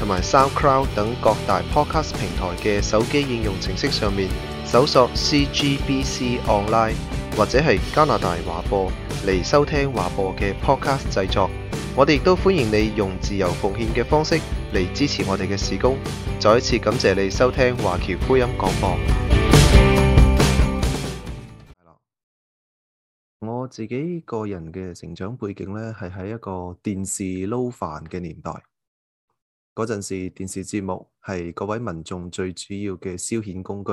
同埋 SoundCloud 等各大 Podcast 平台嘅手機應用程式上面搜索 CGBC Online 或者係加拿大華播嚟收聽華播嘅 Podcast 製作，我哋亦都歡迎你用自由奉獻嘅方式嚟支持我哋嘅事工。再一次感謝你收聽華僑福音廣播。我自己個人嘅成長背景咧，係喺一個電視撈飯嘅年代。嗰陣時電視節目係各位民眾最主要嘅消遣工具，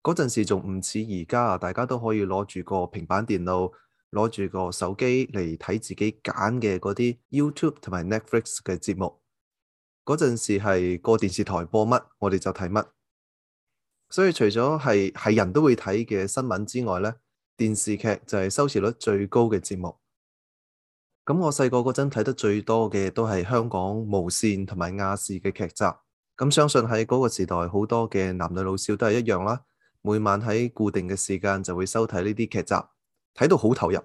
嗰陣時仲唔似而家啊！大家都可以攞住個平板電腦、攞住個手機嚟睇自己揀嘅嗰啲 YouTube 同埋 Netflix 嘅節目。嗰陣時係個電視台播乜，我哋就睇乜。所以除咗係係人都會睇嘅新聞之外咧，電視劇就係收視率最高嘅節目。咁我細個嗰陣睇得最多嘅都係香港無綫同埋亞視嘅劇集，咁相信喺嗰個時代，好多嘅男女老少都係一樣啦。每晚喺固定嘅時間就會收睇呢啲劇集，睇到好投入。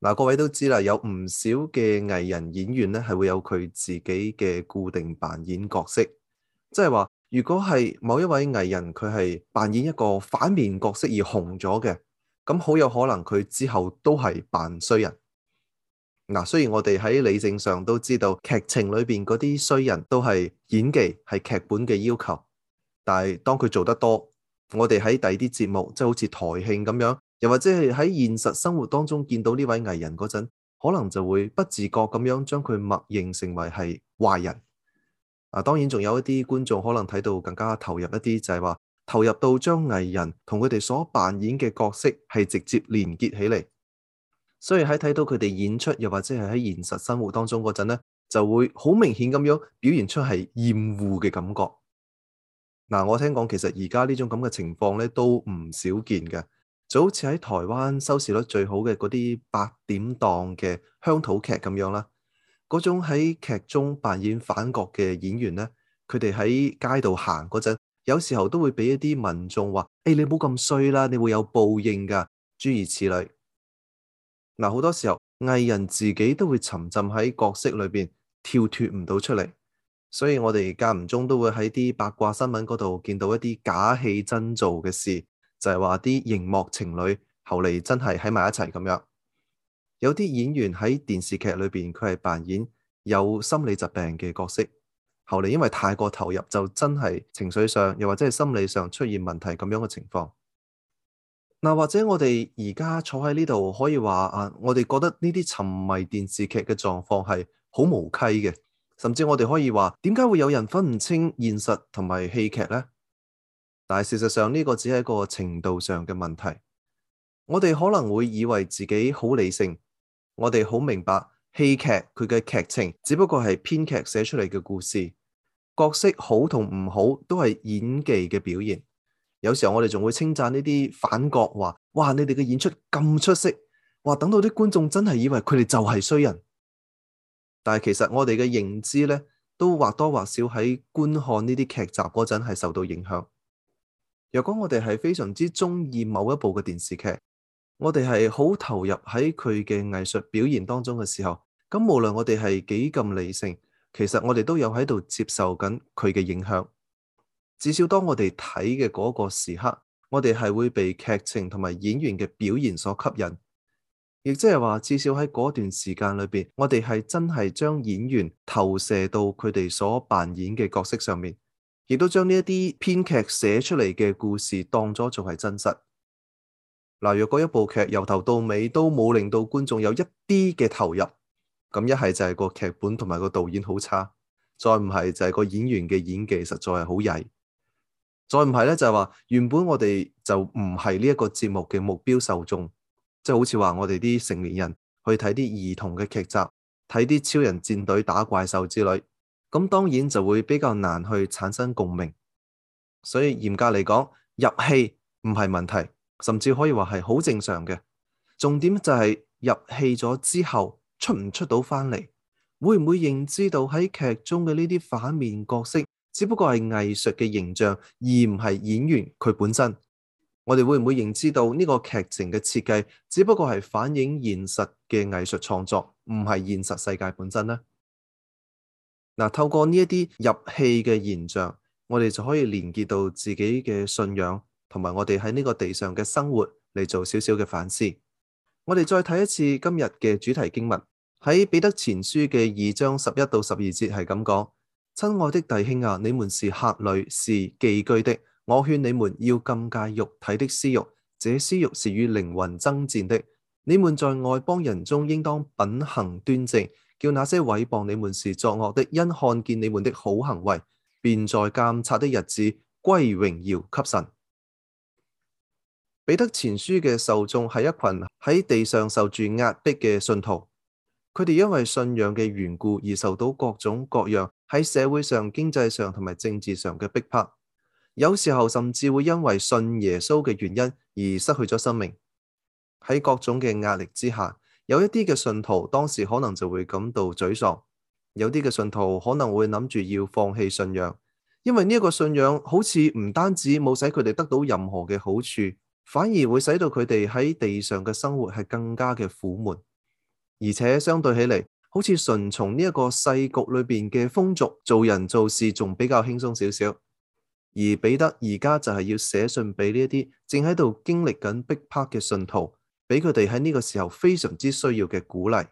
嗱，各位都知啦，有唔少嘅藝人演員咧，係會有佢自己嘅固定扮演角色，即係話，如果係某一位藝人，佢係扮演一個反面角色而紅咗嘅，咁好有可能佢之後都係扮衰人。嗱，雖然我哋喺理性上都知道劇情裏邊嗰啲衰人都係演技、係劇本嘅要求，但係當佢做得多，我哋喺第二啲節目，即係好似台慶咁樣，又或者係喺現實生活當中見到呢位藝人嗰陣，可能就會不自覺咁樣將佢默認成為係壞人。啊，當然仲有一啲觀眾可能睇到更加投入一啲，就係話投入到將藝人同佢哋所扮演嘅角色係直接連結起嚟。所以喺睇到佢哋演出，又或者係喺現實生活當中嗰陣咧，就會好明顯咁樣表現出係厭惡嘅感覺。嗱、啊，我聽講其實而家呢種咁嘅情況咧都唔少見嘅，就好似喺台灣收視率最好嘅嗰啲八點檔嘅鄉土劇咁樣啦。嗰種喺劇中扮演反角嘅演員咧，佢哋喺街度行嗰陣，有時候都會俾一啲民眾話：誒、hey，你唔好咁衰啦，你會有報應噶，諸如此類。嗱，好多時候藝人自己都會沉浸喺角色裏邊，跳脱唔到出嚟，所以我哋間唔中都會喺啲八卦新聞嗰度見到一啲假戲真做嘅事，就係話啲熒幕情侶後嚟真係喺埋一齊咁樣。有啲演員喺電視劇裏邊，佢係扮演有心理疾病嘅角色，後嚟因為太過投入，就真係情緒上又或者係心理上出現問題咁樣嘅情況。嗱，或者我哋而家坐喺呢度，可以話啊，我哋覺得呢啲沉迷電視劇嘅狀況係好無稽嘅，甚至我哋可以話，點解會有人分唔清現實同埋戲劇呢？但係事實上呢個只係一個程度上嘅問題。我哋可能會以為自己好理性，我哋好明白戲劇佢嘅劇情只不過係編劇寫出嚟嘅故事，角色好同唔好都係演技嘅表現。有時候我哋仲會稱讚呢啲反角話：哇，你哋嘅演出咁出色，哇，等到啲觀眾真係以為佢哋就係衰人。但係其實我哋嘅認知呢，都或多或少喺觀看呢啲劇集嗰陣係受到影響。若果我哋係非常之中意某一部嘅電視劇，我哋係好投入喺佢嘅藝術表現當中嘅時候，咁無論我哋係幾咁理性，其實我哋都有喺度接受緊佢嘅影響。至少當我哋睇嘅嗰個時刻，我哋係會被劇情同埋演員嘅表現所吸引，亦即係話至少喺嗰段時間裏邊，我哋係真係將演員投射到佢哋所扮演嘅角色上面，亦都將呢一啲編劇寫出嚟嘅故事當咗做係真實。嗱，呃，若果一部劇由頭到尾都冇令到觀眾有一啲嘅投入，咁一係就係個劇本同埋個導演好差，再唔係就係個演員嘅演技實在係好曳。再唔係咧，就係話原本我哋就唔係呢一個節目嘅目標受眾，即係好似話我哋啲成年人去睇啲兒童嘅劇集，睇啲超人戰隊打怪獸之類，咁當然就會比較難去產生共鳴。所以嚴格嚟講，入戲唔係問題，甚至可以話係好正常嘅。重點就係入戲咗之後，出唔出到翻嚟，會唔會認知道喺劇中嘅呢啲反面角色？只不過係藝術嘅形象，而唔係演員佢本身。我哋會唔會認知到呢個劇情嘅設計，只不過係反映現實嘅藝術創作，唔係現實世界本身呢？嗱，啊，透過呢一啲入戲嘅現象，我哋就可以連結到自己嘅信仰，同埋我哋喺呢個地上嘅生活嚟，做少少嘅反思。我哋再睇一次今日嘅主題經文，喺彼得前書嘅二章十一到十二節係咁講。親愛的弟兄啊，你們是客旅，是寄居的。我勸你們要禁戒肉體的私欲，這私欲是與靈魂爭戰的。你們在外邦人中，應當品行端正，叫那些誹謗你們是作惡的，因看見你們的好行為，便在監察的日子歸榮耀給神。彼得前書嘅受眾係一群喺地上受住壓迫嘅信徒。佢哋因為信仰嘅緣故而受到各種各樣喺社會上、經濟上同埋政治上嘅逼迫，有時候甚至會因為信耶穌嘅原因而失去咗生命。喺各種嘅壓力之下，有一啲嘅信徒當時可能就會感到沮喪，有啲嘅信徒可能會諗住要放棄信仰，因為呢一個信仰好似唔單止冇使佢哋得到任何嘅好處，反而會使到佢哋喺地上嘅生活係更加嘅苦悶。而且相對起嚟，好似順從呢一個世局裏面嘅風俗做人做事仲比較輕鬆少少，而彼得而家就係要寫信俾呢一啲正喺度經歷緊逼迫嘅信徒，俾佢哋喺呢個時候非常之需要嘅鼓勵。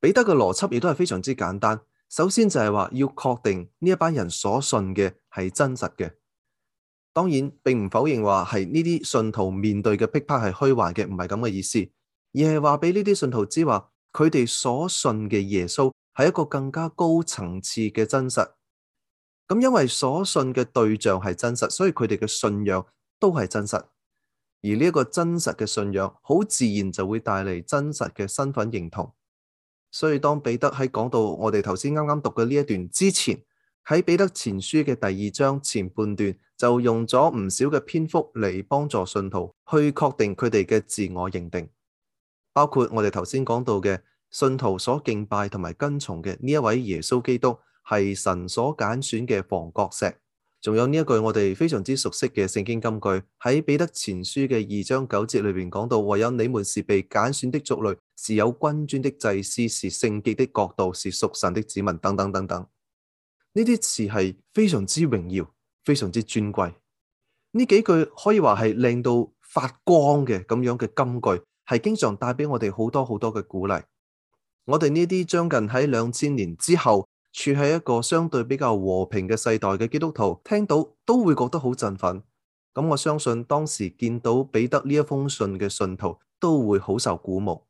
彼得嘅邏輯亦都係非常之簡單，首先就係話要確定呢一班人所信嘅係真實嘅，當然並唔否認話係呢啲信徒面對嘅逼迫係虛幻嘅，唔係咁嘅意思。而係話俾呢啲信徒知，話佢哋所信嘅耶穌係一個更加高層次嘅真實。咁因為所信嘅對象係真實，所以佢哋嘅信仰都係真實。而呢一個真實嘅信仰，好自然就會帶嚟真實嘅身份認同。所以當彼得喺講到我哋頭先啱啱讀嘅呢一段之前，喺彼得前書嘅第二章前半段，就用咗唔少嘅篇幅嚟幫助信徒去確定佢哋嘅自我認定。包括我哋頭先講到嘅信徒所敬拜同埋跟從嘅呢一位耶穌基督，係神所揀選嘅房角石。仲有呢一句我哋非常之熟悉嘅聖經金句，喺彼得前書嘅二章九節裏面講到：唯有你們是被揀選的族類，是有君尊的祭司，是，是聖潔的國度，是屬神的子民，等等等等。呢啲詞係非常之榮耀，非常之尊貴。呢幾句可以話係靚到發光嘅咁樣嘅金句。係經常帶俾我哋好多好多嘅鼓勵，我哋呢啲將近喺兩千年之後，處喺一個相對比較和平嘅世代嘅基督徒，聽到都會覺得好振奮。咁我相信當時見到彼得呢一封信嘅信徒，都會好受鼓舞。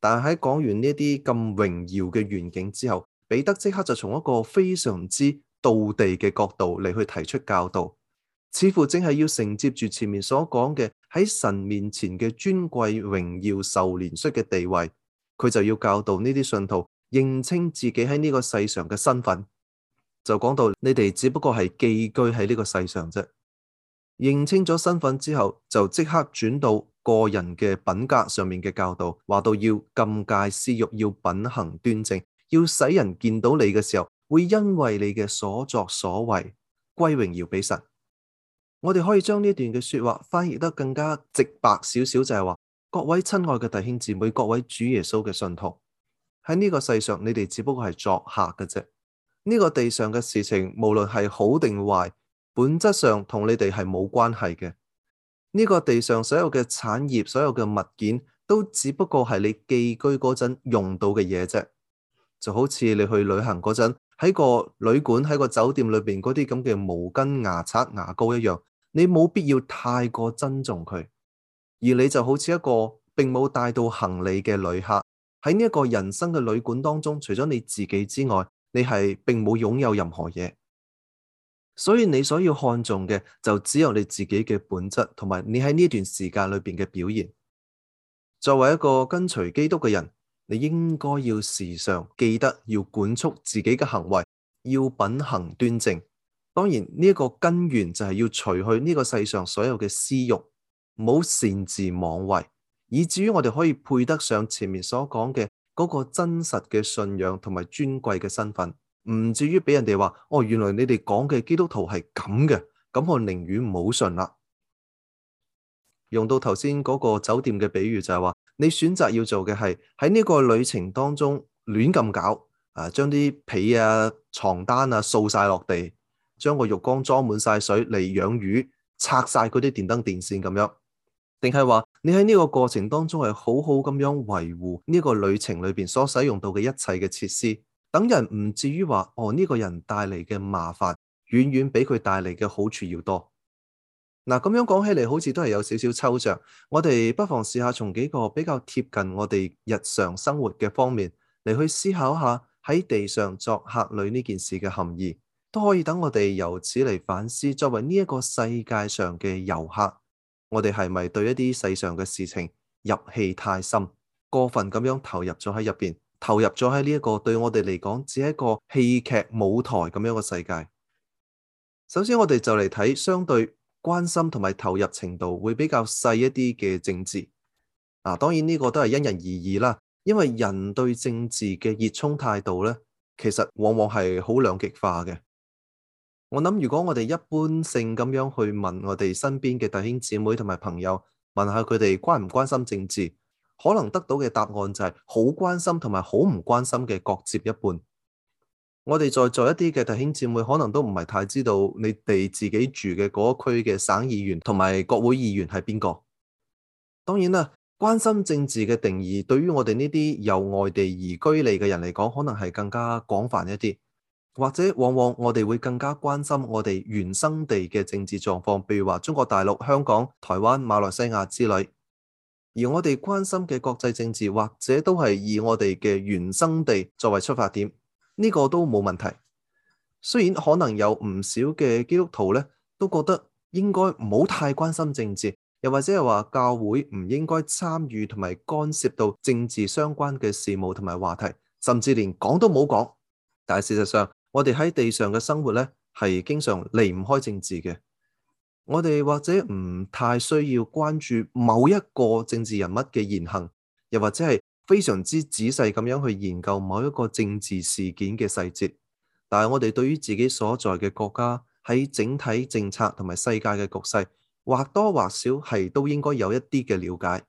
但係喺講完呢啲咁榮耀嘅願景之後，彼得即刻就從一個非常之道地嘅角度嚟去提出教導。似乎正係要承接住前面所講嘅喺神面前嘅尊貴榮耀受憐恤嘅地位，佢就要教導呢啲信徒認清自己喺呢個世上嘅身份。就講到你哋只不過係寄居喺呢個世上啫。認清咗身份之後，就即刻轉到個人嘅品格上面嘅教導，話到要禁戒私欲，要品行端正，要使人見到你嘅時候，會因為你嘅所作所為歸榮耀俾神。我哋可以將呢段嘅說話翻譯得更加直白少少，就係話各位親愛嘅弟兄姊妹，各位主耶穌嘅信徒，喺呢個世上，你哋只不過係作客嘅啫。呢個地上嘅事情，無論係好定壞，本質上同你哋係冇關係嘅。呢個地上所有嘅產業、所有嘅物件，都只不過係你寄居嗰陣用到嘅嘢啫。就好似你去旅行嗰陣，喺個旅館、喺個酒店裏邊嗰啲咁嘅毛巾、牙刷、牙膏一樣。你冇必要太過珍重佢，而你就好似一個並冇帶到行李嘅旅客，喺呢個人生嘅旅館當中，除咗你自己之外，你係並冇擁有，有任何嘢，所以你所要看重嘅就只有你自己嘅本質，同埋你喺呢段時間裏面嘅表現。作為一個跟隨基督嘅人，你應該要時常記得要管束自己嘅行為，要品行端正。當然呢個根源就係要除去呢個世上所有嘅私慾，唔好擅自妄為，以至於我哋可以配得上前面所講嘅嗰個真實嘅信仰同埋尊貴嘅身份，唔至於俾人哋話：哦，原來你哋講嘅基督徒係咁嘅，咁我寧願唔信啦。用到頭先嗰個酒店嘅比喻就係話，你選擇要做嘅係喺呢個旅程當中亂咁搞，啊，將啲被啊、牀單啊掃曬落地。將個浴缸裝滿晒水嚟養魚，拆晒嗰啲電燈、電線咁樣，定係話你喺呢個過程當中係好好咁樣維護呢個旅程裏邊所使用到嘅一切嘅設施，等人唔至於話哦，呢個人帶嚟嘅麻煩，遠遠比佢帶嚟嘅好處要多。嗱，咁樣講起嚟好似都係有少少抽象，我哋不妨試下從幾個比較貼近我哋日常生活嘅方面嚟去思考下喺地上作客旅呢件事嘅含義。都可以等我哋由此嚟反思，作為呢一個世界上嘅遊客，我哋係咪對一啲世上嘅事情入戲太深，過分咁樣投入咗喺入邊，投入咗喺呢一個對我哋嚟講只係一個戲劇舞台咁樣嘅世界？首先，我哋就嚟睇相對關心同埋投入程度會比較細一啲嘅政治。嗱，當然呢個都係因人而異啦，因為人對政治嘅熱衷態度咧，其實往往係好兩極化嘅。我諗，如果我哋一般性咁樣去問我哋身邊嘅弟兄姊妹同埋朋友，問下佢哋關唔關心政治，可能得到嘅答案就係好關心同埋好唔關心嘅各接一半。我哋在座一啲嘅弟兄姊妹，可能都唔係太知道你哋自己住嘅嗰區嘅省議員同埋國會議員係邊個。當然啦，關心政治嘅定義，對於我哋呢啲由外地移居嚟嘅人嚟講，可能係更加廣泛一啲。或者往往我哋會更加關心我哋原生地嘅政治狀況，譬如話中國大陸、香港、台灣、馬來西亞之類。而我哋關心嘅國際政治，或者都係以我哋嘅原生地作為出發點，呢個都冇問題。雖然可能有唔少嘅基督徒咧都覺得應該唔好太關心政治，又或者係話教會唔應該參與同埋干涉到政治相關嘅事務同埋話題，甚至連講都冇講。但係事實上，我哋喺地上嘅生活呢，係經常離唔開政治嘅。我哋或者唔太需要關注某一個政治人物嘅言行，又或者係非常之仔細咁樣去研究某一個政治事件嘅細節。但係我哋對於自己所在嘅國家喺整體政策同埋世界嘅局勢，或多或少係都應該有一啲嘅了解。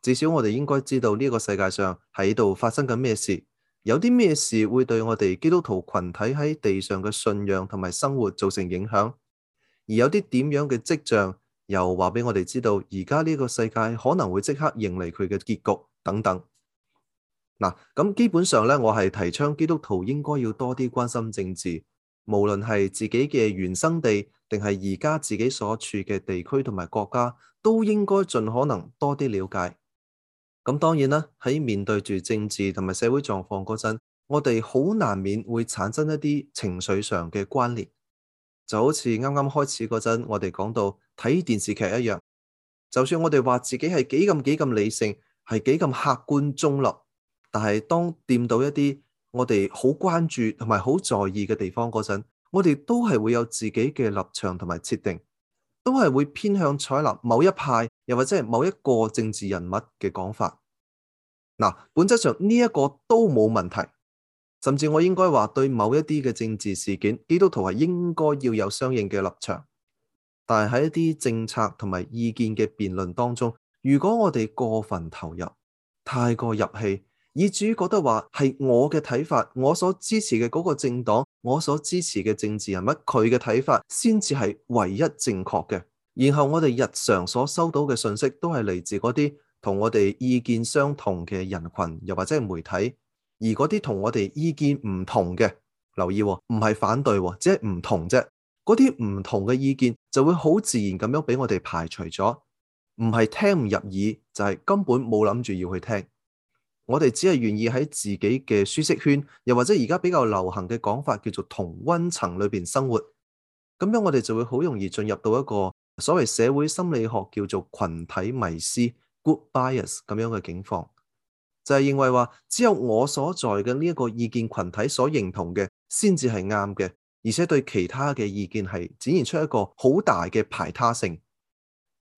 至少我哋應該知道呢個世界上喺度發生緊咩事。有啲咩事會對我哋基督徒群體喺地上嘅信仰同埋生活造成影響？而有啲點樣嘅跡象，又話畀我哋知道，而家呢個世界可能會即刻迎嚟佢嘅結局等等。嗱，咁基本上咧，我係提倡基督徒應該要多啲關心政治，無論係自己嘅原生地，定係而家自己所處嘅地區同埋國家，都應該盡可能多啲了解。咁當然啦，喺面對住政治同埋社會狀況嗰陣，我哋好難免會產生一啲情緒上嘅關聯，就好似啱啱開始嗰陣我哋講到睇電視劇一樣。就算我哋話自己係幾咁幾咁理性，係幾咁客觀中立，但係當掂到一啲我哋好關注同埋好在意嘅地方嗰陣，我哋都係會有自己嘅立場同埋設定。都係會偏向採納某一派，又或者係某一個政治人物嘅講法。嗱，本質上呢一個都冇問題，甚至我應該話對某一啲嘅政治事件，基督徒係應該要有相應嘅立場。但係喺一啲政策同埋意見嘅辯論當中，如果我哋過分投入，太過入戲。以至於覺得話係我嘅睇法，我所支持嘅嗰個政黨，我所支持嘅政治人物，佢嘅睇法先至係唯一正確嘅。然後我哋日常所收到嘅信息都係嚟自嗰啲同我哋意見相同嘅人群，又或者係媒體。而嗰啲同我哋意見唔同嘅，留意喎，唔係反對喎，只係唔同啫。嗰啲唔同嘅意見就會好自然咁樣俾我哋排除咗，唔係聽唔入耳，就係根本冇諗住要去聽。我哋只係願意喺自己嘅舒適圈，又或者而家比較流行嘅講法叫做同温層裏邊生活，咁樣我哋就會好容易進入到一個所謂社會心理學叫做群體迷思 g o o d bias） 咁樣嘅境況，就係、是、認為話只有我所在嘅呢一個意見群體所認同嘅先至係啱嘅，而且對其他嘅意見係展現出一個好大嘅排他性，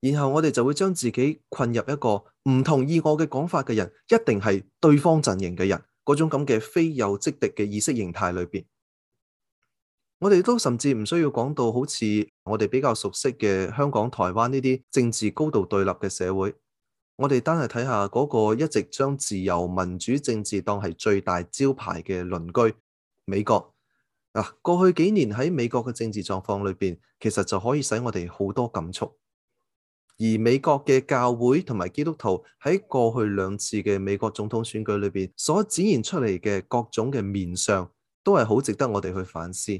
然後我哋就會將自己困入一個。唔同意我嘅講法嘅人，一定係對方陣營嘅人，嗰種咁嘅非友即敵嘅意識形態裏邊，我哋都甚至唔需要講到好似我哋比較熟悉嘅香港、台灣呢啲政治高度對立嘅社會，我哋單係睇下嗰個一直將自由民主政治當係最大招牌嘅鄰居美國啊，過去幾年喺美國嘅政治狀況裏邊，其實就可以使我哋好多感觸。而美國嘅教會同埋基督徒喺過去兩次嘅美國總統選舉裏邊，所展現出嚟嘅各種嘅面相，都係好值得我哋去反思。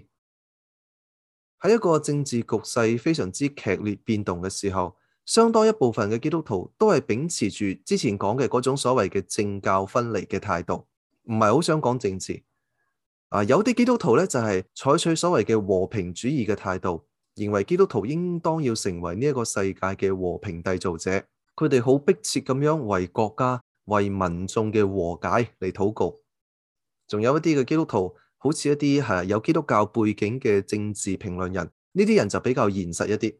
喺一個政治局勢非常之劇烈變動嘅時候，相當一部分嘅基督徒都係秉持住之前講嘅嗰種所謂嘅政教分離嘅態度，唔係好想講政治。啊，有啲基督徒咧就係採取所謂嘅和平主義嘅態度。認為基督徒應當要成為呢一個世界嘅和平締造者，佢哋好迫切咁樣為國家、為民眾嘅和解嚟禱告。仲有一啲嘅基督徒，好似一啲係有基督教背景嘅政治評論人，呢啲人就比較現實一啲，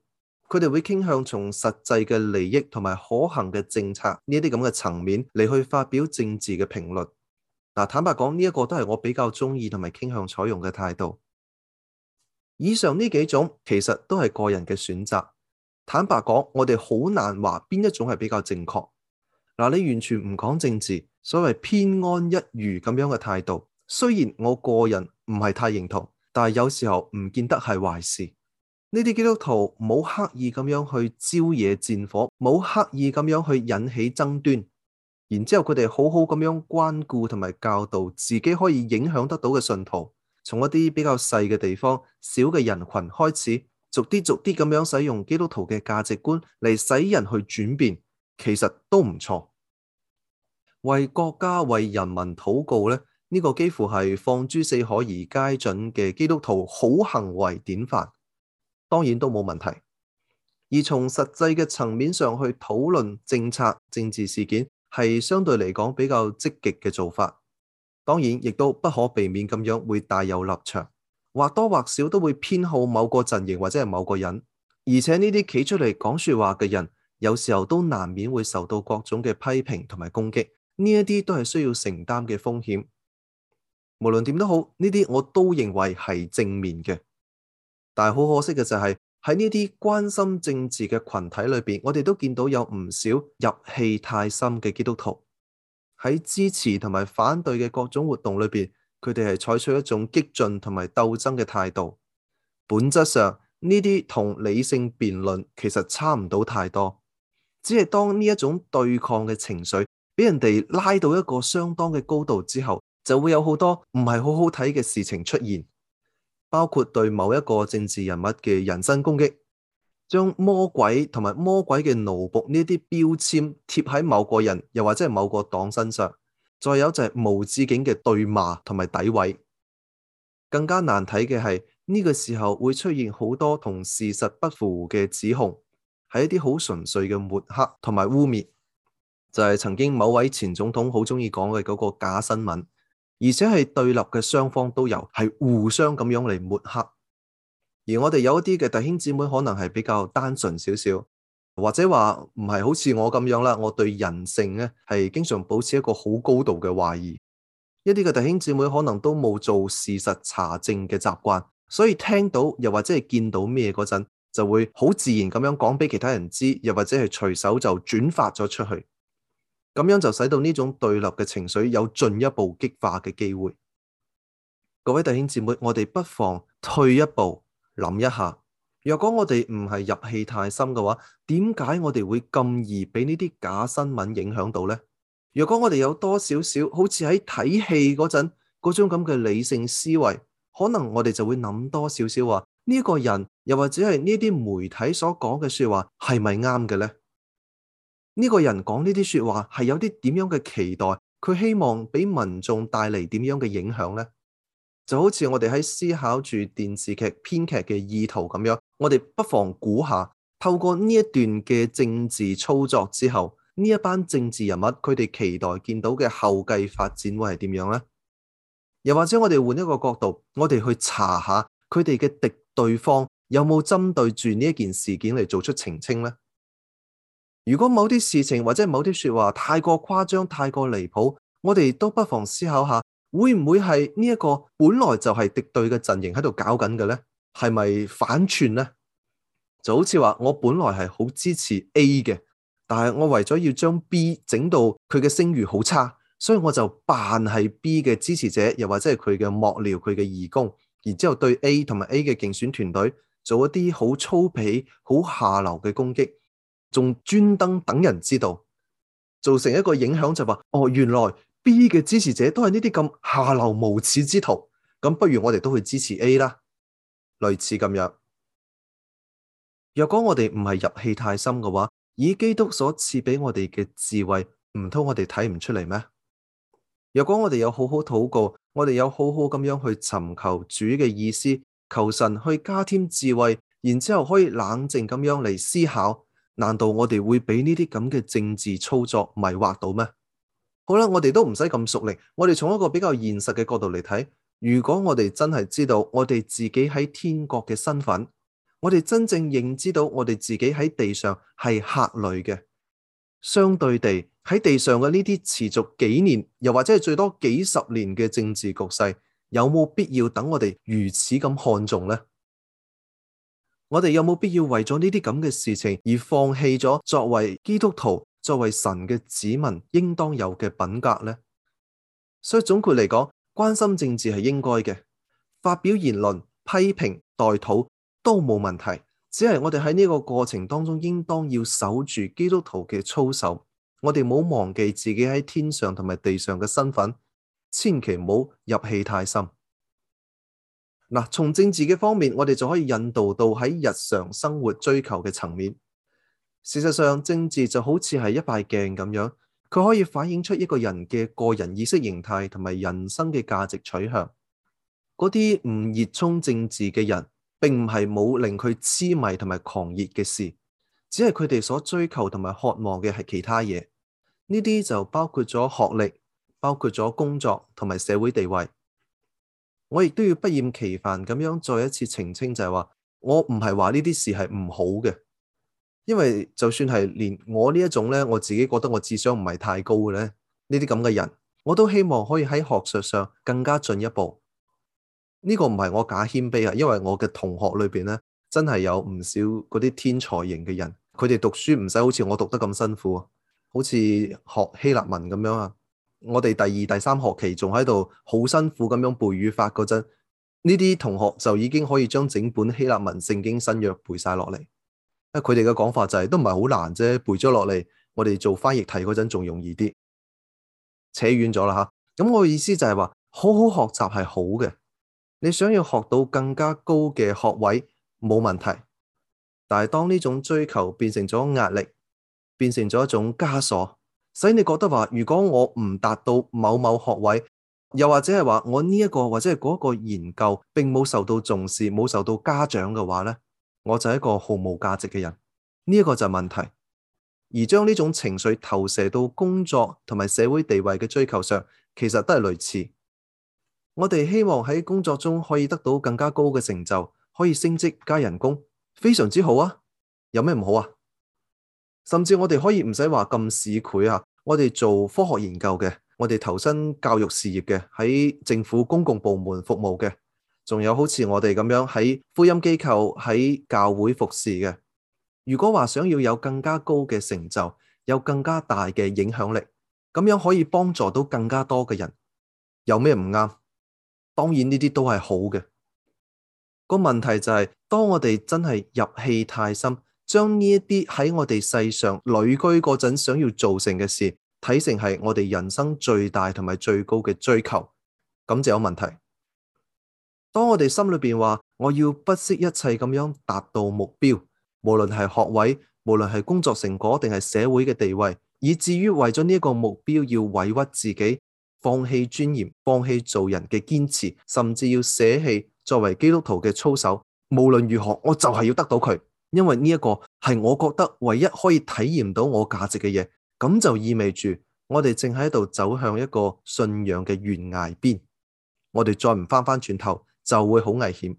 佢哋會傾向從實際嘅利益同埋可行嘅政策呢一啲咁嘅層面嚟去發表政治嘅評論。嗱，坦白講，呢、這、一個都係我比較中意同埋傾向採用嘅態度。以上呢幾種其實都係個人嘅選擇。坦白講，我哋好難話邊一種係比較正確。嗱，你完全唔講政治，所謂偏安一隅咁樣嘅態度，雖然我個人唔係太認同，但係有時候唔見得係壞事。呢啲基督徒冇刻意咁樣去招惹戰火，冇刻意咁樣去引起爭端，然之後佢哋好好咁樣關顧同埋教導自己可以影響得到嘅信徒。從一啲比較細嘅地方，小嘅人群開始，逐啲逐啲咁樣使用基督徒嘅價值觀嚟，使人去轉變，其實都唔錯。為國家、為人民禱告咧，呢、呢個幾乎係放諸四海而皆準嘅基督徒好行為典範，當然都冇問題。而從實際嘅層面上去討論政策、政治事件，係相對嚟講比較積極嘅做法。當然，亦都不可避免咁樣會帶有立場，或多或少都會偏好某個陣營或者係某個人。而且呢啲企出嚟講說話嘅人，有時候都難免會受到各種嘅批評同埋攻擊。呢一啲都係需要承擔嘅風險。無論點都好，呢啲我都認為係正面嘅。但係好可惜嘅就係，喺呢啲關心政治嘅群體裏邊，我哋都見到有唔少入戲太深嘅基督徒。喺支持同埋反對嘅各種活動裏面，佢哋係採取一種激進同埋鬥爭嘅態度。本質上呢啲同理性辯論其實差唔到太多，只係當呢一種對抗嘅情緒俾人哋拉到一個相當嘅高度之後，就會有好多唔係好好睇嘅事情出現，包括對某一個政治人物嘅人身攻擊。將魔鬼同埋魔鬼嘅奴僕呢啲標籤貼喺某個人又或者係某個黨身上，再有就係無止境嘅對罵同埋詆毀，更加難睇嘅係呢個時候會出現好多同事實不符嘅指控，係一啲好純粹嘅抹黑同埋污蔑，就係、是、曾經某位前總統好鍾意講嘅嗰個假新聞，而且係對立嘅雙方都有，係互相咁樣嚟抹黑。而我哋有一啲嘅弟兄姊妹可能係比較單純少少，或者話唔係好似我咁樣啦。我對人性咧係經常保持一個好高度嘅懷疑。一啲嘅弟兄姊妹可能都冇做事實查證嘅習慣，所以聽到又或者係見到咩嗰陣，就會好自然咁樣講俾其他人知，又或者係隨手就轉發咗出去。咁樣就使到呢種對立嘅情緒有進一步激化嘅機會。各位弟兄姊妹，我哋不妨退一步。諗一下，如果我哋唔係入戲太深嘅話，點解我哋會咁易俾呢啲假新聞影響到呢？如果我哋有多少少，好似喺睇戲嗰陣嗰種咁嘅理性思維，可能我哋就會諗多少少話，呢個人，又或者係呢啲媒體所講嘅這個、說、說話係咪啱嘅呢？」呢個人講呢啲說話係有啲點樣嘅期待？佢希望俾民眾帶嚟點樣嘅影響呢？就好似我哋喺思考住電視劇編劇嘅意圖咁樣，我哋不妨估下，透過呢一段嘅政治操作之後，呢一班政治人物佢哋期待見到嘅後繼發展會係點樣呢？又或者我哋換一個角度，我哋去查下佢哋嘅敵對方有冇針對住呢一件事件嚟做出澄清呢？如果某啲事情或者某啲說話太過誇張、太過離譜，我哋都不妨思考下。會唔會係呢一個本來就係敵對嘅陣營喺度搞緊嘅呢？係咪反串呢？就好似話我本來係好支持 A 嘅，但係我為咗要將 B 整到佢嘅聲譽好差，所以我就扮係 B 嘅支持者，又或者係佢嘅幕僚、佢嘅義工，然之後對 A 同埋 A 嘅競選團隊做一啲好粗鄙、好下流嘅攻擊，仲專登等人知道，造成一個影響就話、是、哦，原來。B 嘅支持者都係呢啲咁下流無恥之徒，咁不如我哋都去支持 A 啦，類似咁樣。若果我哋唔係入戲太深嘅話，以基督所賜俾我哋嘅智慧，唔通我哋睇唔出嚟咩？若果我哋有好好禱告，我哋有好好咁樣去尋求主嘅意思，求神去加添智慧，然之後可以冷靜咁樣嚟思考，難道我哋會俾呢啲咁嘅政治操作迷惑到咩？好啦，我哋都唔使咁熟練。我哋從一個比較現實嘅角度嚟睇，如果我哋真係知道我哋自己喺天國嘅身份，我哋真正認知到我哋自己喺地上係客旅嘅，相對地喺地上嘅呢啲持續幾年，又或者係最多幾十年嘅政治局勢，有冇必要等我哋如此咁看重呢？我哋有冇必要為咗呢啲咁嘅事情而放棄咗作為基督徒？作為神嘅子民，應當有嘅品格呢。所以總括嚟講，關心政治係應該嘅，發表言論、批評、代討都冇問題，只係我哋喺呢個過程當中，應當要守住基督徒嘅操守，我哋唔好忘記自己喺天上同埋地上嘅身份，千祈唔好入戲太深。嗱，從政治嘅方面，我哋就可以引導到喺日常生活追求嘅層面。事實上，政治就好似係一塊鏡咁樣，佢可以反映出一個人嘅個人意識形態同埋人生嘅價值取向。嗰啲唔熱衷政治嘅人，並唔係冇令佢痴迷同埋狂熱嘅事，只係佢哋所追求同埋渴望嘅係其他嘢。呢啲就包括咗學歷，包括咗工作同埋社會地位。我亦都要不厭其煩咁樣再一次澄清就是，就係話我唔係話呢啲事係唔好嘅。因為就算係連我這呢一種咧，我自己覺得我智商唔係太高嘅呢啲咁嘅人，我都希望可以喺學術上更加進一步。呢、這個唔係我假謙卑啊，因為我嘅同學裏面咧，真係有唔少嗰啲天才型嘅人，佢哋讀書唔使好似我讀得咁辛苦，好似學希臘文咁樣啊。我哋第二、第三學期仲喺度好辛苦咁樣背語法嗰陣，呢啲同學就已經可以將整本希臘文聖經新約背晒落嚟。佢哋嘅講法就係、是、都唔係好難啫，背咗落嚟，我哋做翻譯題嗰陣仲容易啲。扯遠咗啦吓，咁、啊、我嘅意思就係、是、話，好好學習係好嘅，你想要學到更加高嘅學位冇問題。但係當呢種追求變成咗壓力，變成咗一種枷鎖，使你覺得話，如果我唔達到某某學位，又或者係話我呢一個或者係嗰個研究並冇受到重視，冇受到嘉獎嘅話咧。我就係一個毫無價值嘅人，呢、這、一個就係問題。而將呢種情緒投射到工作同埋社會地位嘅追求上，其實都係類似。我哋希望喺工作中可以得到更加高嘅成就，可以升職加人工，非常之好啊！有咩唔好啊？甚至我哋可以唔使話咁市儈啊！我哋做科學研究嘅，我哋投身教育事業嘅，喺政府公共部門服務嘅。仲有好似我哋咁樣喺福音機構喺教會服侍嘅，如果話想要有更加高嘅成就，有更加大嘅影響力，咁樣可以幫助到更加多嘅人，有咩唔啱？當然呢啲都係好嘅。個問題就係、是、當我哋真係入戲太深，將呢一啲喺我哋世上旅居嗰陣想要做成嘅事，睇成係我哋人生最大同埋最高嘅追求，咁就有問題。當我哋心裏邊話，我要不惜一切咁樣達到目標，無論係學位，無論係工作成果定係社會嘅地位，以至於為咗呢一個目標要委屈自己，放棄尊嚴，放棄做人嘅堅持，甚至要捨棄作為基督徒嘅操守。無論如何，我就係要得到佢，因為呢一個係我覺得唯一可以體驗到我價值嘅嘢。咁就意味住我哋正喺度走向一個信仰嘅懸崖邊，我哋再唔翻翻轉頭就會好危險，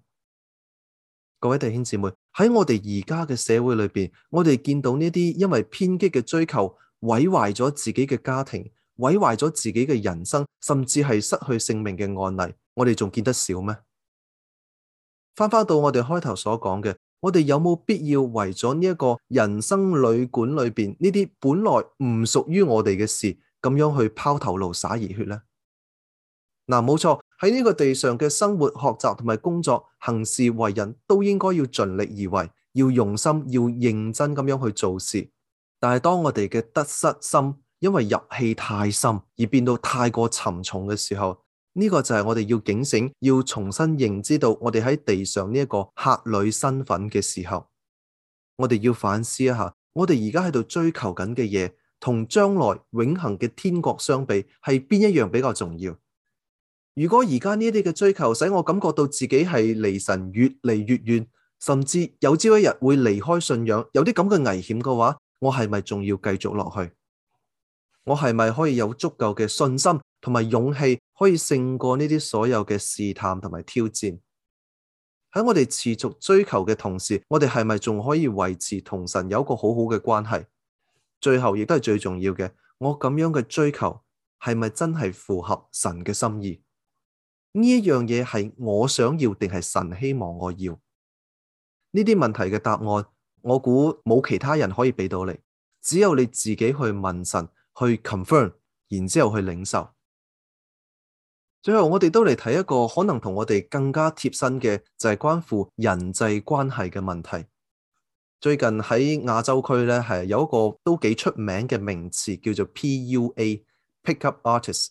各位弟兄姊妹，喺我哋而家嘅社會裏邊，我哋見到呢啲因為偏激嘅追求，毀壞咗自己嘅家庭，毀壞咗自己嘅人生，甚至係失去性命嘅案例，我哋仲見得少咩？翻翻到我哋開頭所講嘅，我哋有冇必要為咗呢一個人生旅館裏邊呢啲本來唔屬於我哋嘅事，咁樣去拋頭顱灑熱血呢？嗯，嗱，冇錯。喺呢個地上嘅生活、學習同埋工作、行事為人都應該要盡力而為，要用心、要認真咁樣去做事。但係當我哋嘅得失心因為入戲太深而變到太過沉重嘅時候，呢、這個就係我哋要警醒、要重新認知到我哋喺地上呢一個客旅身份嘅時候，我哋要反思一下，我哋而家喺度追求緊嘅嘢，同將來永恆嘅天國相比，係邊一樣比較重要？如果而家呢啲嘅追求使我感覺到自己係離神越嚟越遠，甚至有朝一日會離開信仰，有啲咁嘅危險嘅話，我係咪仲要繼續落去？我係咪可以有足夠嘅信心同埋勇氣，可以勝過呢啲所有嘅試探同埋挑戰？喺我哋持續追求嘅同時，我哋係咪仲可以維持同神有個好好嘅關係？最後亦都係最重要嘅，我咁樣嘅追求係咪真係符合神嘅心意？呢一樣嘢係我想要定係神希望我要？呢啲問題嘅答案，我估冇其他人可以俾到你，只有你自己去問神，去 confirm，然之後去領受。最後，我哋都嚟睇一個可能同我哋更加貼身嘅，就係關乎人際關係嘅問題。最近喺亞洲區咧，係有一個都幾出名嘅名詞，叫做 PUA（Pick Up Artist）。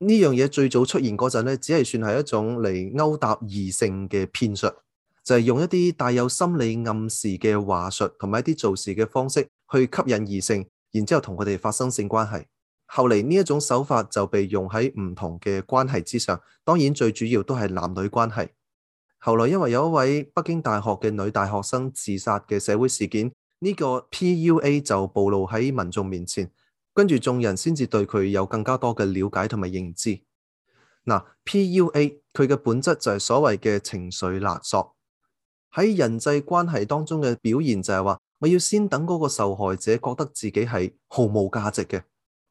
呢樣嘢最早出現嗰陣咧，只係算係一種嚟勾搭異性嘅騙術，就係用一啲帶有心理暗示嘅話術，同埋一啲做事嘅方式去吸引異性，然之後同佢哋發生性關係。後嚟呢一種手法就被用喺唔同嘅關係之上，當然最主要都係男女關係。後來因為有一位北京大學嘅女大學生自殺嘅社會事件，呢個 PUA 就暴露喺民眾面前。跟住眾人先至對佢有更加多嘅了解同埋認知。嗱，PUA 佢嘅本質就係所謂嘅情緒勒索，喺人際關係當中嘅表現就係話，我要先等嗰個受害者覺得自己係毫無價值嘅，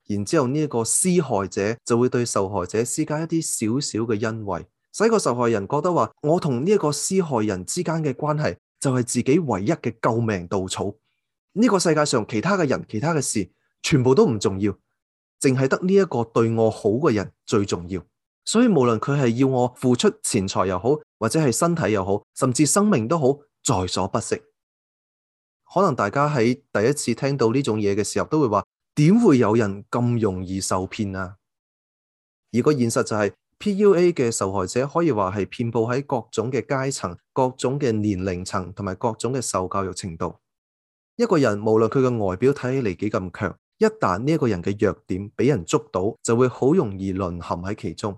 然之後呢一個施害者就會對受害者施加一啲少少嘅恩惠，使個受害人覺得話，我同呢一個施害人之間嘅關係就係自己唯一嘅救命稻草，呢個世界上其他嘅人、其他嘅事。全部都唔重要，淨係得呢一個對我好嘅人最重要。所以無論佢係要我付出錢財又好，或者係身體又好，甚至生命都好，在所不惜。可能大家喺第一次聽到呢種嘢嘅時候，都會話：點會有人咁容易受騙啊？而個現實就係 PUA 嘅受害者可以話係遍布喺各種嘅階層、各種嘅年齡層同埋各種嘅受教育程度。一個人無論佢嘅外表睇起嚟幾咁強。一旦呢一個人嘅弱點俾人捉到，就會好容易淪陷喺其中。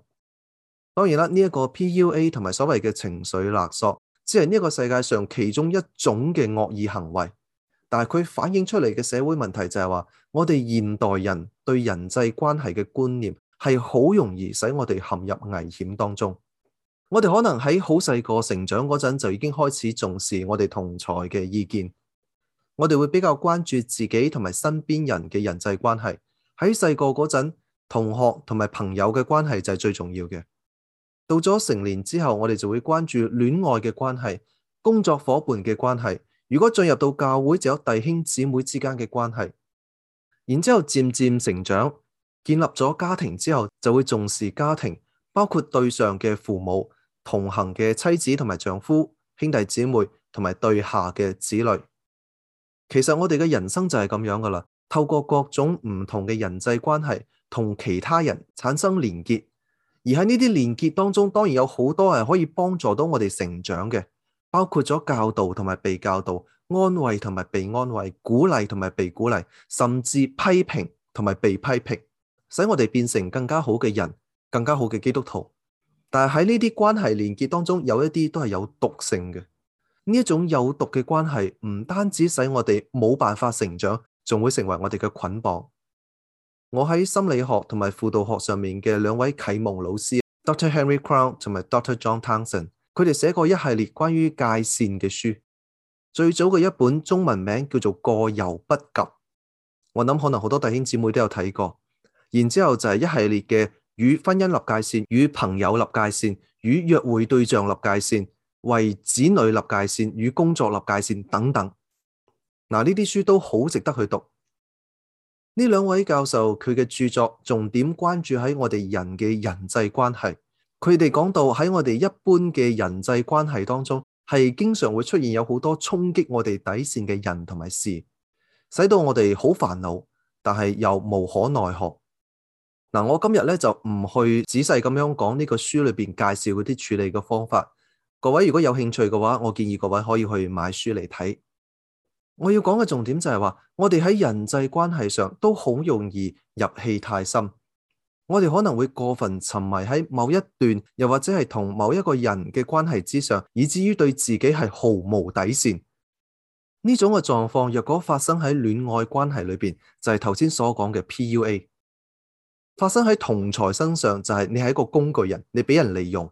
當然啦，呢一個 PUA 同埋所謂嘅情緒勒索，只係呢個世界上其中一種嘅惡意行為。但係佢反映出嚟嘅社會問題就係話，我哋現代人對人際關係嘅觀念係好容易使我哋陷入危險當中。我哋可能喺好細個成長嗰陣就已經開始重視我哋同儕嘅意見。我哋會比較關注自己同埋身邊人嘅人際關係。喺細個嗰陣，同學同埋朋友嘅關係就係最重要嘅。到咗成年之後，我哋就會關注戀愛嘅關係、工作伙伴嘅關係。如果進入到教會，就有弟兄姊妹之間嘅關係。然之後漸漸成長，建立咗家庭之後，就會重視家庭，包括對上嘅父母、同行嘅妻子同埋丈夫、兄弟姊妹，同埋對下嘅子女。其實我哋嘅人生就係咁樣噶啦，透過各種唔同嘅人際關係，同其他人產生連結，而喺呢啲連結當中，當然有好多係可以幫助到我哋成長嘅，包括咗教導同埋被教導、安慰同埋被安慰、鼓勵同埋被鼓勵，甚至批評同埋被批評，使我哋變成更加好嘅人、更加好嘅基督徒。但係喺呢啲關係連結當中，有一啲都係有毒性嘅。呢一種有毒嘅關係，唔單止使我哋冇辦法成長，仲會成為我哋嘅捆綁。我喺心理學同埋輔導學上面嘅兩位啟蒙老師，Dr. Henry Crown 同埋 Dr. John Townsend，佢哋寫過一系列關於界線嘅書。最早嘅一本中文名叫做《過猶不及》，我諗可能好多弟兄姊妹都有睇過。然之後就係一系列嘅與婚姻立界線、與朋友立界線、與約會對象立界線。為子女立界線，與工作立界線等等，嗱，呢啲書都好值得去讀。呢兩位教授佢嘅著作重點關注喺我哋人嘅人際關係。佢哋講到喺我哋一般嘅人際關係當中，係經常會出現有好多衝擊我哋底線嘅人同埋事，使到我哋好煩惱，但係又無可奈何。嗱、啊，我今日咧就唔去仔細咁樣講呢個書裏邊介紹嗰啲處理嘅方法。各位如果有興趣嘅話，我建議各位可以去買書嚟睇。我要講嘅重點就係話，我哋喺人際關係上都好容易入戲太深。我哋可能會過分沉迷喺某一段，又或者係同某一個人嘅關係之上，以至於對自己係毫無底線。呢種嘅狀況，若果發生喺戀愛關係裏邊，就係頭先所講嘅 PUA；發生喺同財身上，就係、是、你係一個工具人，你俾人利用。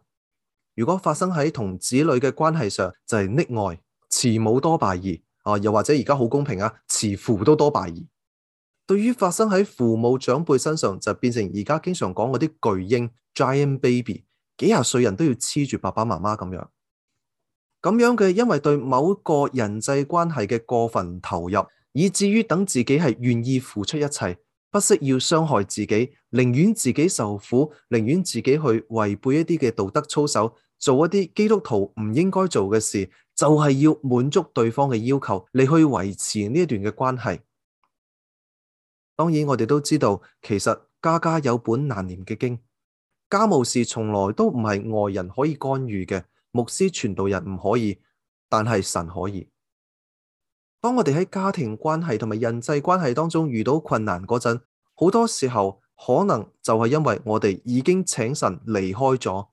如果發生喺同子女嘅關係上，就係溺愛，慈母多敗兒。啊，又或者而家好公平啊，慈父都多敗兒。對於發生喺父母長輩身上，就變成而家經常講嗰啲巨嬰 （giant baby），幾廿歲人都要黐住爸爸媽媽咁樣。咁樣嘅，因為對某個人際關係嘅過分投入，以至於等自己係願意付出一切，不惜要傷害自己，寧願自己受苦，寧願自己去違背一啲嘅道德操守。做一啲基督徒唔應該做嘅事，就係要滿足對方嘅要求，你去維持呢一段嘅關係。當然，我哋都知道，其實家家有本難念嘅經，家務事從來都唔係外人可以干預嘅，牧師、傳道人唔可以，但係神可以。當我哋喺家庭關係同埋人際關係當中遇到困難嗰陣，好多時候可能就係因為我哋已經請神離開咗。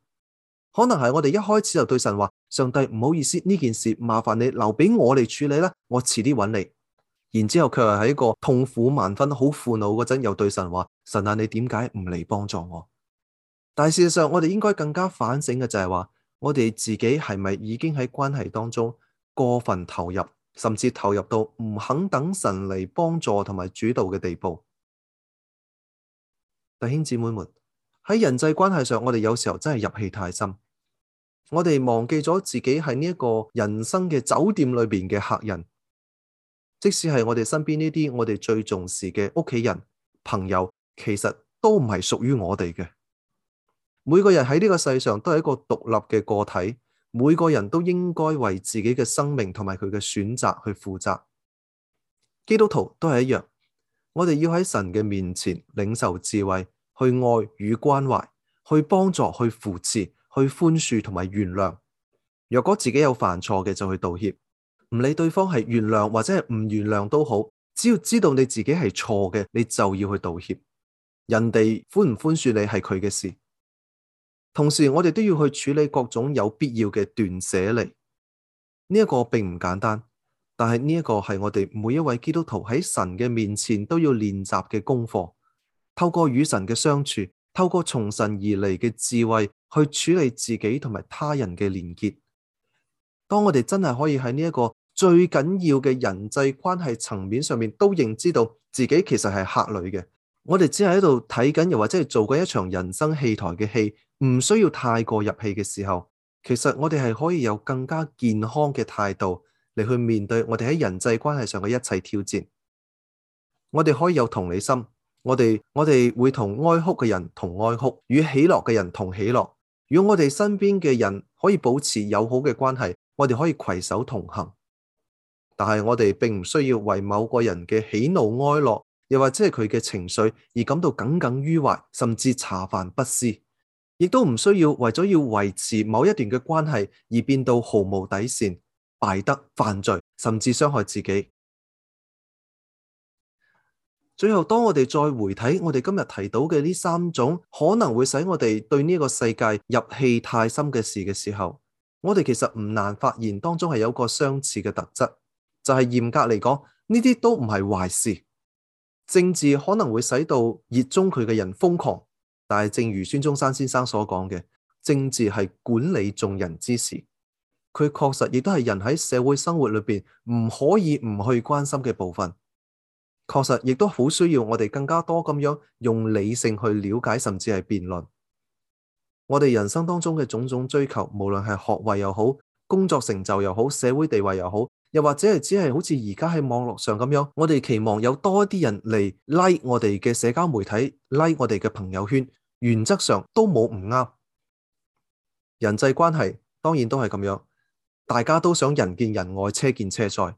可能係我哋一開始就對神話，上帝唔好意思，呢件事麻煩你留俾我嚟處理啦，我遲啲搵你。然之後佢又喺一個痛苦萬分、好苦惱嗰陣，又對神話：神啊，你點解唔嚟幫助我？但事實上，我哋應該更加反省嘅就係話，我哋自己係咪已經喺關係當中過分投入，甚至投入到唔肯等神嚟幫助同埋主導嘅地步？弟兄姊妹們，喺人際關係上，我哋有時候真係入戲太深。我哋忘記咗自己係呢一個人生嘅酒店裏邊嘅客人，即使係我哋身邊呢啲我哋最重視嘅屋企人、朋友，其實都唔係屬於我哋嘅。每個人喺呢個世上都係一個獨立嘅個體，每個人都應該為自己嘅生命同埋佢嘅選擇去負責。基督徒都係一樣，我哋要喺神嘅面前領受智慧，去愛與關懷，去幫助，去扶持。去寬恕同埋原諒，若果自己有犯錯嘅就去道歉，唔理對方係原諒或者係唔原諒都好，只要知道你自己係錯嘅，你就要去道歉。人哋寬唔寬恕你係佢嘅事，同時我哋都要去處理各種有必要嘅斷捨離，呢一個並唔簡單，但係呢一個係我哋每一位基督徒喺神嘅面前都要練習嘅功課。透過與神嘅相處，透過從神而嚟嘅智慧，去處理自己同埋他人嘅連結。當我哋真係可以喺呢一個最緊要嘅人際關係層面上面，都認知到自己其實係客旅嘅，我哋只係喺度睇緊，又或者係做緊一場人生戲台嘅戲，唔需要太過入戲嘅時候，其實我哋係可以有更加健康嘅態度嚟去面對我哋喺人際關係上嘅一切挑戰。我哋可以有同理心，我哋我哋會同哀哭嘅人同哀哭，與喜樂嘅人同喜樂。如果我哋身邊嘅人可以保持友好嘅關係，我哋可以携手同行。但係我哋並唔需要為某個人嘅喜怒哀樂，又或者係佢嘅情緒而感到耿耿於懷，甚至茶飯不思。亦都唔需要為咗要維持某一段嘅關係而變到毫無底線、敗德犯罪，甚至傷害自己。最後，當我哋再回睇我哋今日提到嘅呢三種可能會使我哋對呢個世界入戲太深嘅事嘅時候，我哋其實唔難發現當中係有一個相似嘅特質，就係、是、嚴格嚟講，呢啲都唔係壞事。政治可能會使到熱衷佢嘅人瘋狂，但係正如孫中山先生所講嘅，政治係管理眾人之事，佢確實亦都係人喺社會生活裏邊唔可以唔去關心嘅部分。確實，亦都好需要我哋更加多咁樣用理性去了解，甚至係辯論。我哋人生當中嘅種種追求，無論係學位又好、工作成就又好、社會地位又好，又或者係只係好似而家喺網絡上咁樣，我哋期望有多啲人嚟拉、like、我哋嘅社交媒體拉、like、我哋嘅朋友圈，原則上都冇唔啱。人際關係當然都係咁樣，大家都想人見人愛，車見車載。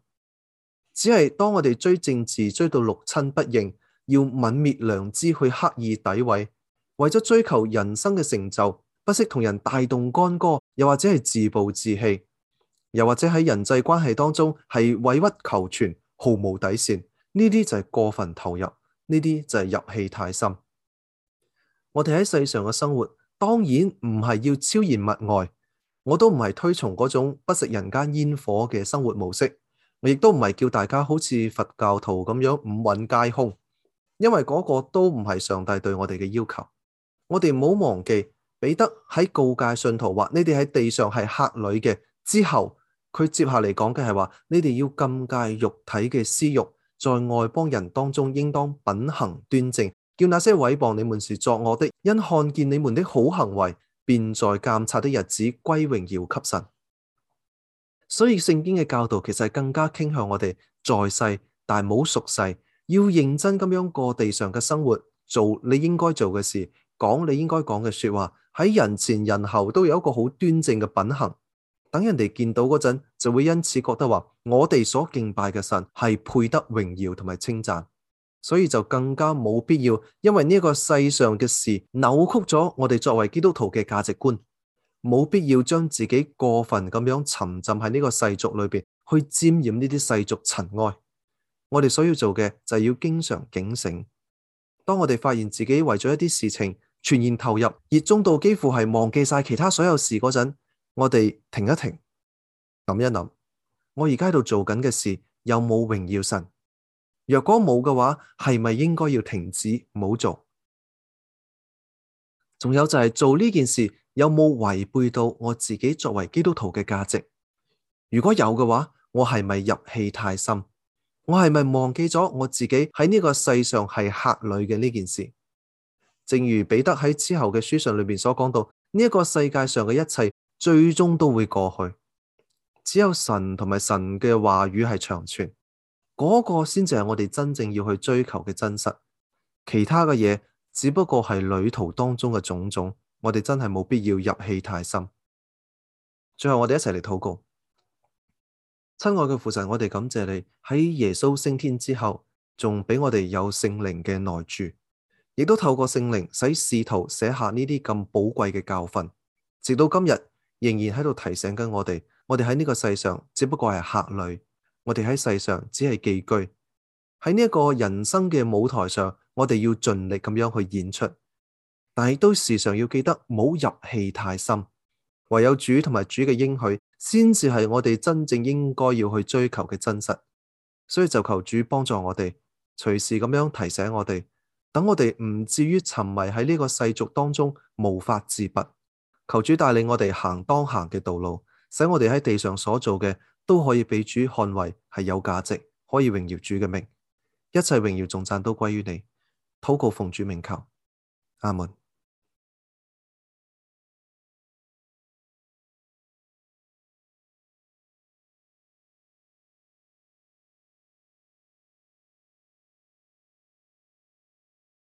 只係當我哋追政治追到六親不認，要泯滅良知去刻意詆毀，為咗追求人生嘅成就，不惜同人大動干戈，又或者係自暴自棄，又或者喺人際關係當中係委屈求全，毫無底線，呢啲就係過分投入，呢啲就係入戲太深。我哋喺世上嘅生活，當然唔係要超然物外，我都唔係推崇嗰種不食人間煙火嘅生活模式。亦都唔係叫大家好似佛教徒咁樣五蘊皆空，因為嗰個都唔係上帝對我哋嘅要求。我哋唔好忘記彼得喺告誡信徒話：你哋喺地上係客旅嘅之後，佢接下嚟講嘅係話：你哋要禁戒肉體嘅私欲，在外邦人當中應當品行端正，叫那些誹謗你們是作惡的，因看見你們的好行為，便在鑒察的日子歸榮耀給神。所以聖經嘅教導其實係更加傾向我哋在世但冇屬世，要認真咁樣過地上嘅生活，做你應該做嘅事，講你應該講嘅說話，喺人前人後都有一個好端正嘅品行，等人哋見到嗰陣就會因此覺得話我哋所敬拜嘅神係配得榮耀同埋稱讚，所以就更加冇必要因為呢個世上嘅事扭曲咗我哋作為基督徒嘅價值觀。冇必要將自己過分咁樣沉浸喺呢個世俗裏邊，去沾染呢啲世俗塵埃。我哋所要做嘅就係要經常警醒。當我哋發現自己為咗一啲事情全然投入、熱衷到幾乎係忘記晒其他所有事嗰陣，我哋停一停，諗一諗，我而家喺度做緊嘅事有冇榮耀神？若果冇嘅話，係咪應該要停止，冇做？仲有就係做呢件事。有冇違背到我自己作為基督徒嘅價值？如果有嘅話，我係咪入戲太深？我係咪忘記咗我自己喺呢個世上係客旅嘅呢件事？正如彼得喺之後嘅書信裡面所講到，呢一個世界上嘅一切最終都會過去，只有神同埋神嘅話語係長存。嗰個先至係我哋真正要去追求嘅真實，其他嘅嘢只不過係旅途當中嘅種種。我哋真係冇必要入戲太深。最後，我哋一齊嚟禱告。親愛嘅父神，我哋感謝你喺耶穌升天之後，仲俾我哋有聖靈嘅內住，亦都透過聖靈使使徒寫下呢啲咁寶貴嘅教訓，直到今日仍然喺度提醒緊我哋。我哋喺呢個世上只不過係客旅，我哋喺世上只係寄居。喺呢一個人生嘅舞台上，我哋要盡力咁樣去演出。但係都時常要記得，唔好入戲太深。唯有主同埋主嘅應許，先至係我哋真正應該要去追求嘅真實。所以就求主幫助我哋，隨時咁樣提醒我哋，等我哋唔至於沉迷喺呢個世俗當中無法自拔。求主帶領我哋行當行嘅道路，使我哋喺地上所做嘅都可以被主看為係有價值，可以榮耀主嘅名。一切榮耀頌讚都歸於你。禱告奉主名求，阿門。